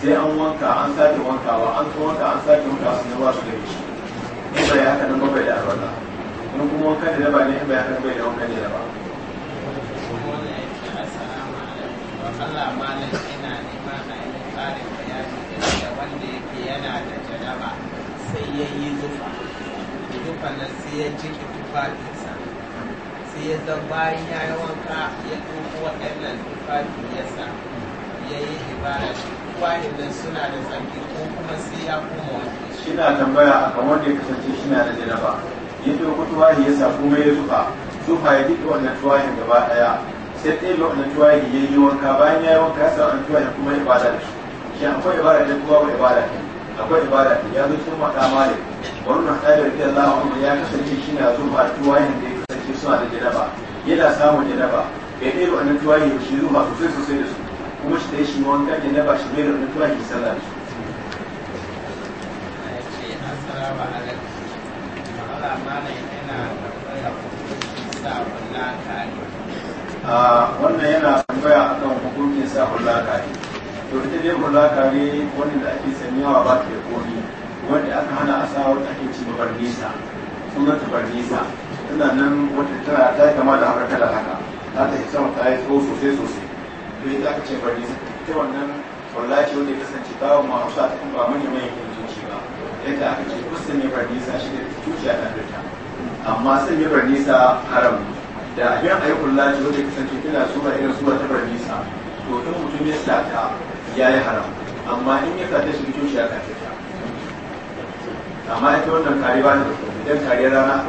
sai an wanka an sake wankawa an kuma wanka an sake wankawa ne ba su da shi in bai haka nan bai da arwala in kuma wanka da daba ne in bai haka bai da wanka ne daba Allah malam ina neman na bayani da wanda yake yana da jaraba sai ya yi zufa zufa na sai ya ya yi wanka ya tufafi ya sa ya yi wahidan suna da tsarki ko kuma sai ya koma wani shina tambaya a kan wanda ya kasance shina da janaba ya ɗauko tuwahi ya sa kuma ya zufa zufa ya duk wannan tuwahin gaba ɗaya sai ɗaya da wannan tuwahi ya yi wanka bayan ya yi wanka ya sa wannan tuwahin kuma ya ibada da shi shi akwai ibada da kuma ba ibada da akwai ibada da ya zo cikin makama ne wani na ɗaya da rikiyar la'a ya kasance shina zufa tuwahin da ya kasance suna da janaba yana samun janaba bai ɗaya da wannan tuwahi ya shi zufa sosai sosai da su kuma shi ta yi shi ma wanka ne na ba shi bai da wani tuwa ki sallah da shi. Ah, wannan yana tambaya a kan hukuncin sa hulaka kare to ita dai hulaka kare wanda da ake sanyawa ba ta da wanda aka hana a sa wata ake ci bar nisa sunan ta bar nisa tana nan wata tana ta kama da haka da haka za ta yi sama ta yi tso sosai sosai to yadda aka ce fardi ta wannan wallahi wanda ya kasance ba babu ma'arusa ta kuma ba manya mai kintoci ba yadda aka ce kusa ne fardi sa shi da tuciya ta dirta amma sun yi fardi sa haram da abin ayyukan lati wanda ya kasance tana sura irin sura ta fardi sa to in mutum ya sata ya yi haram amma in ya sata shi tuciya ta dirta amma ita wannan kariya ne idan kariyar rana a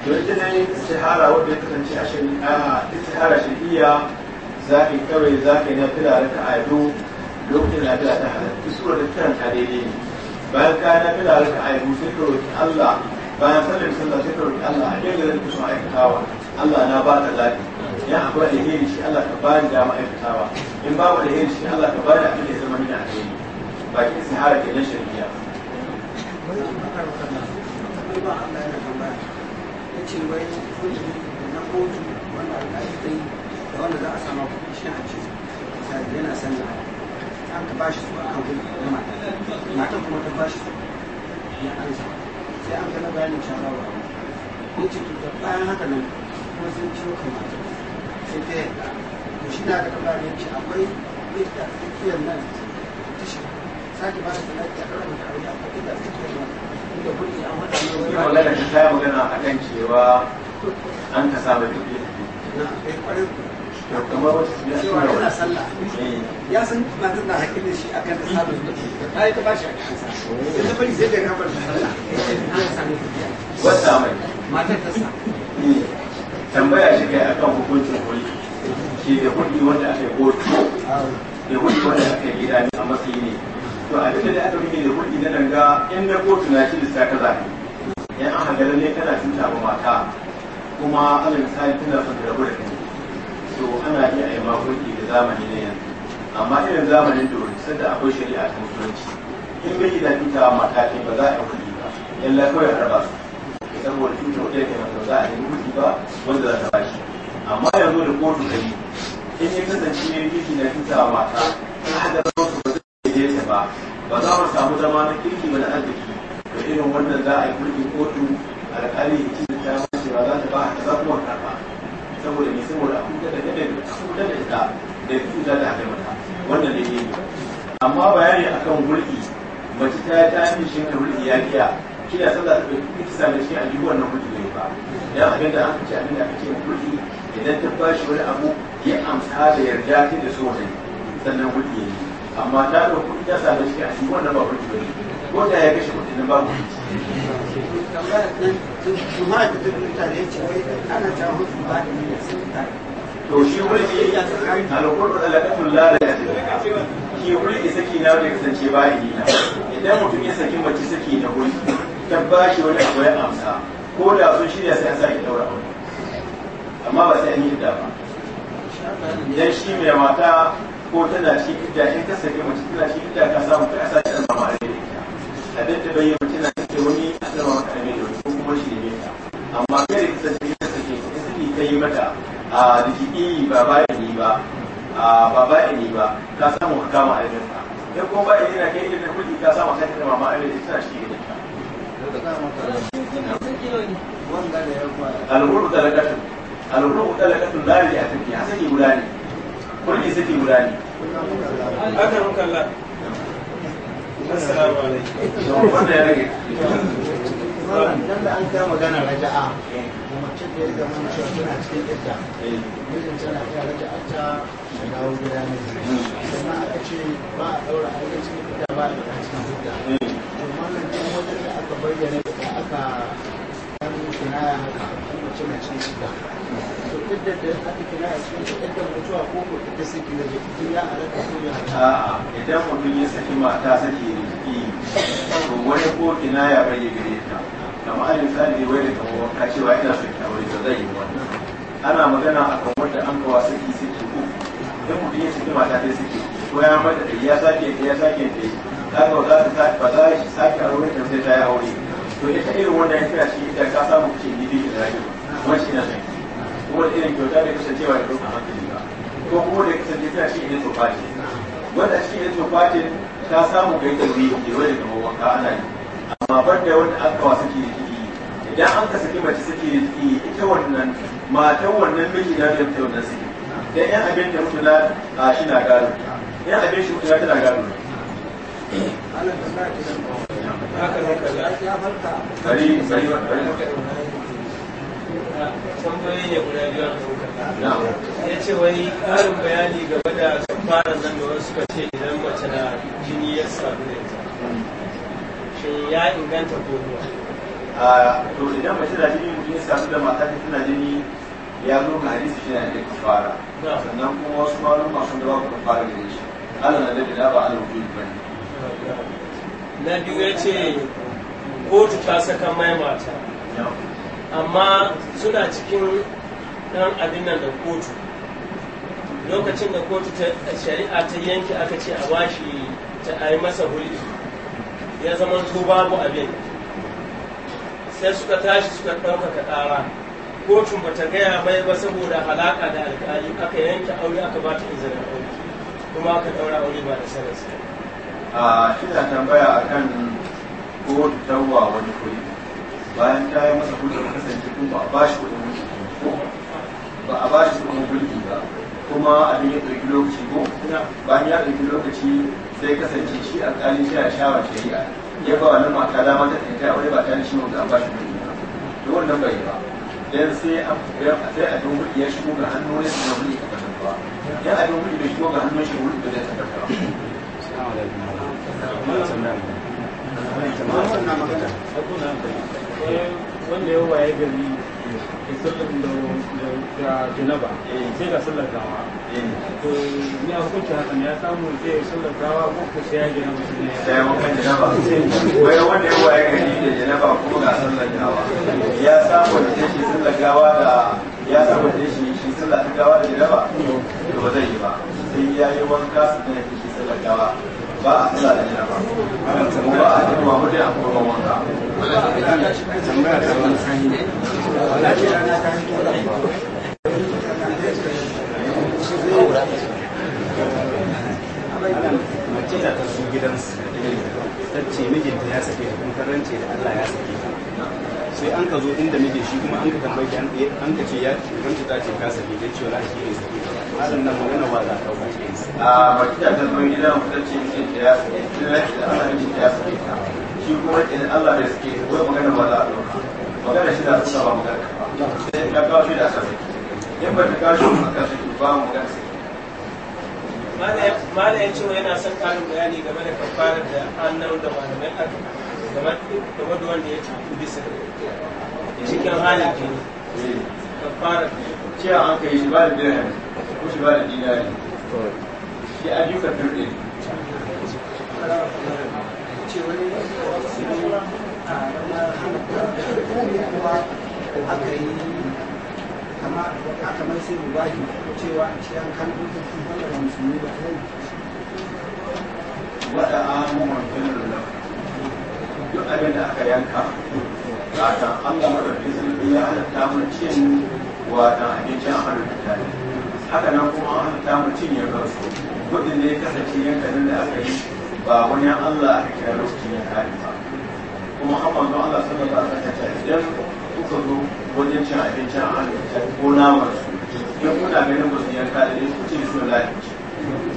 to ita dai istihara wadda ya kasance a shari'a istihara shari'a za ka yi kawai za ka yi na fila raka a biyu lokacin da fila ta halatta sura da kiran ka daidai ne bayan ka na fila raka a biyu sai ka roƙi Allah bayan sallar sallah sai ka roƙi Allah a yadda zan kusa aikatawa Allah na ba ka zaɓi ya da alheri shi Allah ka bani dama aikatawa in ba babu alheri shi Allah ka bani abin da ya zama mini alheri baki istihara nan shari'a. Wani ba Allah ya tambaya. ce wai na kotu wanda alƙali ta yi da wanda za a sama kuɗi shi a misali yana an ka bashi su a kan kuɗi da mata mata kuma ta bashi su ya ansa sai an gana bayanin shara wa ya ce to bayan haka nan kuma sun ciwo kan mata sai ta yadda to shi na da ɗaura ne ce akwai yadda tsakiyar nan ta shi sake ba da salati a ɗaura da aure akwai yadda tsakiyar nan Yi magana ta ta a cewa an eh. Ya san matan na hakin da shi a kan ta saba dubi. Ta yi ta bashi a kan sa. Sai ta bari sai da sallah. An sami mai. ta sa. Eh. Tambaya shi kai akan hukuncin kuli. Shi da kuɗi wanda aka yi kotu. Da kuɗi wanda aka yi gida a matsayi ne. to abin da aka muke da kuɗi na danga in na kotu na shi lissa ka zafi Yan an hagara ne kana cuta ba mata kuma ana misali tana son da rabu da kai to ana iya a yi makoki da zamani na yanzu amma irin zamanin da wani sanda akwai shari'a ta musulunci in bai yi da cuta mata ce ba za a yi kuɗi ba yan lafiyar harba su saboda cuta wadda ke mata za a yi kuɗi ba wanda za ta bashi amma yanzu da kotu yi in ya kasance ne yake na cuta mata ta hadar ba ba za mu samu zama na kirki ba na arziki da irin wannan za a yi mulkin kotu alƙali ya ci ta mace ba za ta ba ta za kuma ba. saboda ne saboda a kuka da kada a kuka da ita da cuta da aka mata wannan ne yi amma bayani a kan mulki mace ta yi ta yi shi ta mulki ya kiya za sallah ɗauki kuka kisa da shi a yi wannan mulki ne ba ya abin da an ce abin da aka ce mulki idan ta bashi wani abu ya amsa da yarda ta da so sannan mulki ya yi amma ta da ta same shi a cikin wannan ba kuɗi ko da ya kashe kuɗi nan ba kuɗi to shi wuri da alaƙatun lalata shi wuri saki na wanda kasance ba ya idan mutum ya saki mace saki na wuri ta ba shi wani abu ya amsa ko da sun shirya sai an sa ki daura amma ba sai an yi da ba idan shi mai mata ko tana shi idda in ka sake mace tana shi idda ka samu ka sa shi almama a ta a dan da bayyana mace na ce wani a sama maka da wani ko kuma shi ne ta amma kada ka sake ka sake ka sake ka yi mata a rikiki ba bayan ni ba a ba bayan ni ba ka samu ka kama a rage ta dan kuma bayan yana kai irin kuɗi ka samu ka ta mama a ta shi ne alhuru talakatun alhuru talakatun lari a tafi hasani guda ne kurji suke guda ne akan kalla assalamu alaikum wanda ya rage dan da an kai magana raja'a mace da ya zama cewa tana cikin idda eh. mijin tana kai raja'a ta dawo gida ne sannan aka ce ba a daura aure cikin idda ba a daura cikin idda eh. to mallan dan wajen da aka bayyana da aka dan kinaya haka mace idan mutum ya saki mata saki da jiki to wani ko ya rage gare ta kamar a misali wai da kamar wanka cewa ina son ta wani zai yi wannan ana magana a kan wanda an saki saki ko idan mutum ya saki mata dai saki ko ya mata da ya sake ta ya sake ta kaga ba za ta ba za shi sake aure ta sai ta yi aure to ita irin wannan ya kira shi ita ka samu cikin gidi da rayuwa kuma shi na sai kuma irin kyauta da kasancewa da dukkan hankali ba ko kuma da kasance ta shi ne tsofaci wanda shi ne tsofacin ta samu kai da biyu ke wani da wanka ana yi amma bar da wanda an kawa suke yi idan an ka saki mace suke yi ita wannan matan wannan miji na da ta wannan suke dan yan abin da mutu na a shi na gado yan abin shi mutu na tana gado Kari, kari, kari. Yace wai bayani gaba da kafara nan da suka ce idan mace na jini ya da ya inganta to jini mutum ya sami da mata ta tana jini ya zo ga hadisi shi na da fara sannan kuma wasu malum masu da babu fara gare shi Allah na da na biyu ya ce kotu ta saka mai mata amma suna cikin ɗan abin nan da kotu lokacin da kotu ta shari'a ta yanki aka ce a bashi ta a yi masa huli ya zama su babu abin sai suka tashi suka ɗaukaka ƙara kotun ba ta gaya bai ba saboda halaka da alƙali aka yanke aure aka ba ta izinin aure kuma aka ɗaura aure ba da sanarsa. a ah, ina tambaya akan ko dawa wani kuɗi bayan ta yi masa hujjar kasance kun ba a ba shi kuɗin mulki ba a ba shi kuɗin mulki ba kuma a ya ɗauki lokaci ko bayan ya ɗauki lokaci sai kasance shi alƙali shi a shawar shari'a ya ba wannan mata dama ta tsinta a wani ba ta shi wanda an ba shi kuɗi ba to wannan bai ba dan sai sai abin kuɗi ya shigo ga hannu ne su na kuɗi a ƙasar ba a abin kuɗi bai shigo ga hannun shi kuɗi ba zai tabbata ba. wanda ya waye gari sallar da janaba sai ga sallar gawa to ni a hukunci haka ya samu sai ya sallar gawa ko sai ya janaba sai ya wakan janaba wai wanda ya waye gari da janaba ga sallar gawa ya samu da shi sallar gawa da ya samu da shi shi sallar gawa da janaba to ba zai yi ba sai ya yi wanka sannan sallar gawa ba a hada da jina ba kuma ba a hada ba wani a kuma wanka mace da ta su gidansu ta ce mijinta ya sake da kuma karance da Allah ya sake sai an ka zo inda nake shi kuma an ka tambaye an ka ce ya kanta ta ce kasa ne dan cewa shi ne sai halin nan magana ba za ka wuce a baki da tambayoyi da mu tace ce da ya ce da Allah ne ya ce ta shi kuma in Allah da suke ko magana ba za ka magana shi da su ba magana sai ka kawo shi da sai in ba ta ka shi ka shi ba magana sai Mala ya yana son karin bayani game da kafarar da an da malamai aka kamar da wanda ya cutu bisa cikin halin jini kafara cewa an kai shi ba da dirham ko shi ba da dinari shi kama a kamar sai rubahi cewa a cikin kan dukkan musulmi da kai a duk abin da aka yanka ba watan Allah madaukakin sarki ya halatta mu cin watan abincin a halittu tare haka nan kuma an halatta mu cin ya garsu kudin ne kasance yankanin da aka yi ba wani Allah aka kira lokacin ya kare ba kuma hakan don Allah sun ba a ta kanta idan kuka zo wajen cin abincin a halittu ko namar su idan kuna ganin ba su yanka da ku ce su lafiya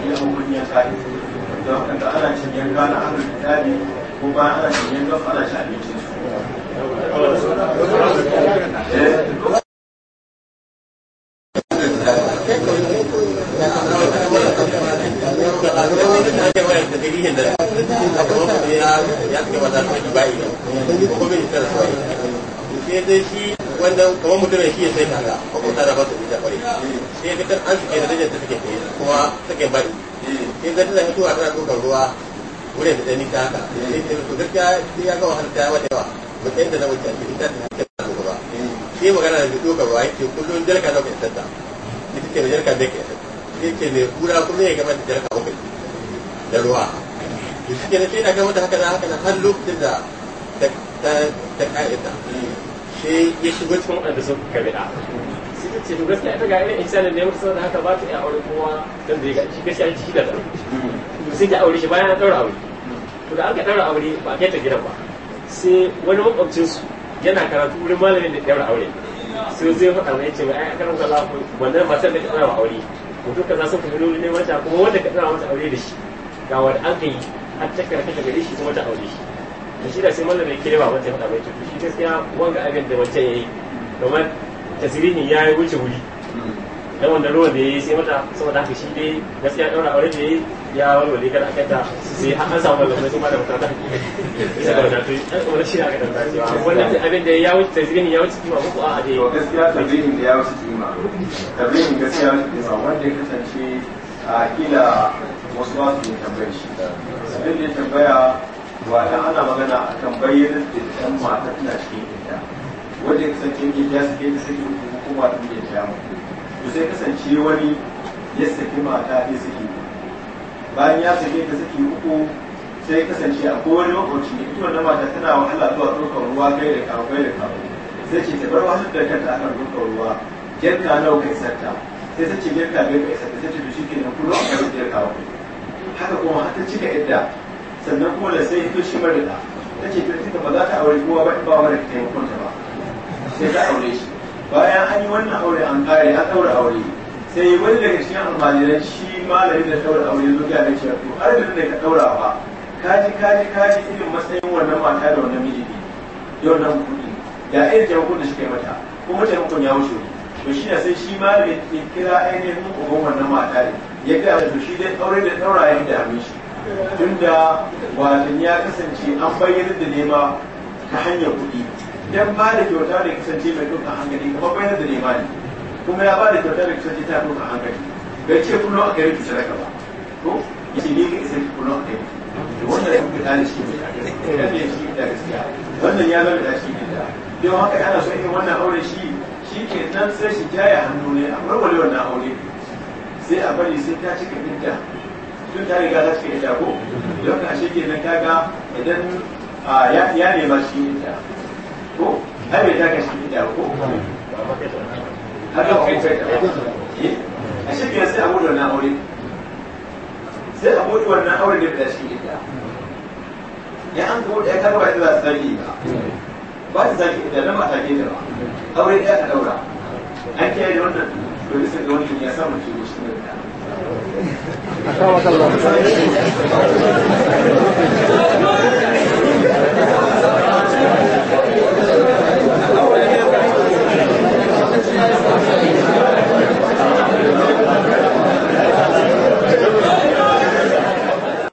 idan kun yanka da haka da ana cin yanka na halittu ko ba ana shi don ana shi abincin su eh. shi eh. kamar eh. shi ya sai kaga tana ba an suke da ta suke kuma suke bari sai ga tana tana ruwa wurin da ni ta haka to gaskiya ya ga wahala ta wata yawa ba ta yadda na wuce a cikin ta ta ta ba sai magana da fito ka ba yake kullum jarka na kai sanda ita ce jarka da kai sai ce mai kura kuma ya gama da jarka kai da ruwa to shi ne sai na gama da haka na haka na har lokacin da ta ta ka'ida sai ya shigo cikin wanda sun kabila sai ce to gaskiya ita ga irin insanin da ya saboda haka ba ta iya aure kowa don da ya ga shi gaskiya ciki da zaro sai da aure shi bayan an ɗaura aure to da aka ɗaura aure ba a ta gidan ba sai wani makwabcin su yana karatu wurin malamin da ɗaura aure sai zai faɗa mai ce ai aka ranka za ku wannan matar da ka ɗaura aure mutum kaza sun kuma nuna neman ta kuma wanda ka ɗaura mata aure da shi ga wanda an ka yi an ta karkata gare shi kuma ta aure shi da shi da sai malamin ke ba wanda ya faɗa mai ce shi gaskiya wanga abin da wancan yayi yi kamar tasirini ya yi wuce wuri dan wanda ruwan da ya yi sai mata saboda haka shi dai gaskiya ɗaura aure da ya yi ya walwale kada aka ta sai an samu malamai su ma da mutata bisa ga wadatu wani shi aka tanta cewa wannan abin da ya wuce tazgini ya wuce kima ko a dai gaskiya tabihin da ya wuce kima tabihin gaskiya ya kima wanda ya kasance a kila wasu ba su yi tambayar shi abin da ya tambaya wata ana magana akan bayyana da ɗan mata tana cikin ita wanda ya kasance ya suke da suke hukuma tun da ya jamu to sai kasance wani ya saki mata ya suke bayan ya sake ta saki uku sai kasance a kowane lokaci ita wannan mata tana wahala zuwa ɗaukar ruwa kai da kawo kai da kawo sai ce ta bar wahalar da kanta akan ɗaukar ruwa jirka nawa kai sarta sai sace ce jirka bai kai sarta sai ce to shike nan kullum a kai jirka wa haka kuma har ci cika idda sannan kuma da sai hito shi mara da ta ce ta ba za ta aure kowa ba in ba mara taimakon ta ba sai ta aure shi bayan an yi wannan aure an kare ya ɗaura aure sai wani daga cikin almajiran shi malamin da daura aure yanzu ga nan cewa to arzikin da ka daura ba kaji kaji kaji irin matsayin wannan mata da wannan miji ne yau nan kuɗi ga irin taimakon da shi yi mata kuma taimakon ya wuce to shi ne sai shi malamin ya kira ainihin uban wannan mata ne ya gaya to shi dai aure da daura ya da hannun shi tunda watan ya kasance an bayyana da nema ta hanyar kuɗi idan ba da kyauta da kasance mai duka hankali kuma bayyana da nema ne kuma ya ba da kyauta da kasance ta duka hankali bai ce a kai yi sadaka ba ko ya ce ni ka kuno a kai. yi wannan ya kuma tare shi ne ya ne shi da gaskiya wannan ya zama da shi ne da don haka ana so in wannan aure shi shi ke nan sai shi jaya hannu ne a wani wannan aure sai a bari sai ta cika ta riga ta cika ko don ka shi ke nan idan ya shi ko har ta ka shi ko ko a shirya sai a bude wannan aure sai a bude wannan aure ne da fita shi gida ya an ko da ya karba ita za su zargi ba ba su zargi da nan ba ta ke da ba aure ɗaya ka ɗaura an kiyaye da wannan to sai ga wannan ya samu shi shi ne da